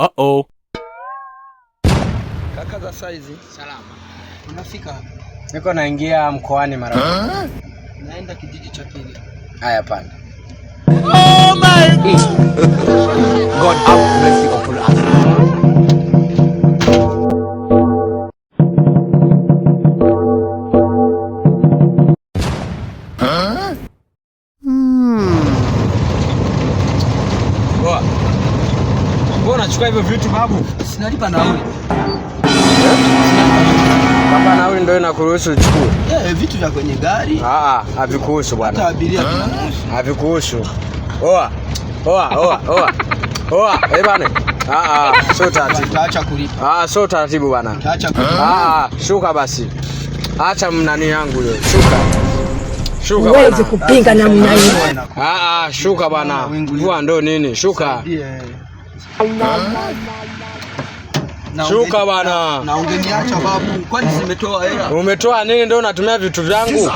Uh oh. Kaka za saizi. Salama. Unafika? Niko naingia mkoani mara moja. Naenda kijiji cha pili. Haya panda. Oh my God. God up. unachukua hivyo vitu babu? Sinalipa nauli. Baba, eh? nauli ndio inakuruhusu uchukue? Eh, eh, vitu vya kwenye gari. Ah, ah havikuhusu bwana. Hata abiria pia. Eh? havikuhusu. Oa. Oa, oa, oa. Oa, eh bwana. Ah ah, sio taratibu. Taacha kulipa. Ah, sio taratibu bwana. Taacha ah, kulipa. Ah, shuka basi. Acha mnani yangu leo. Shuka. Shuka bwana. Huwezi kupinga namna hiyo. Ah ah, shuka bwana. Kwa ndo nini? Shuka. Shuka bana. Na ungeniacha babu, kwani zimetoa hela? Umetoa nini ndio unatumia vitu vyangu?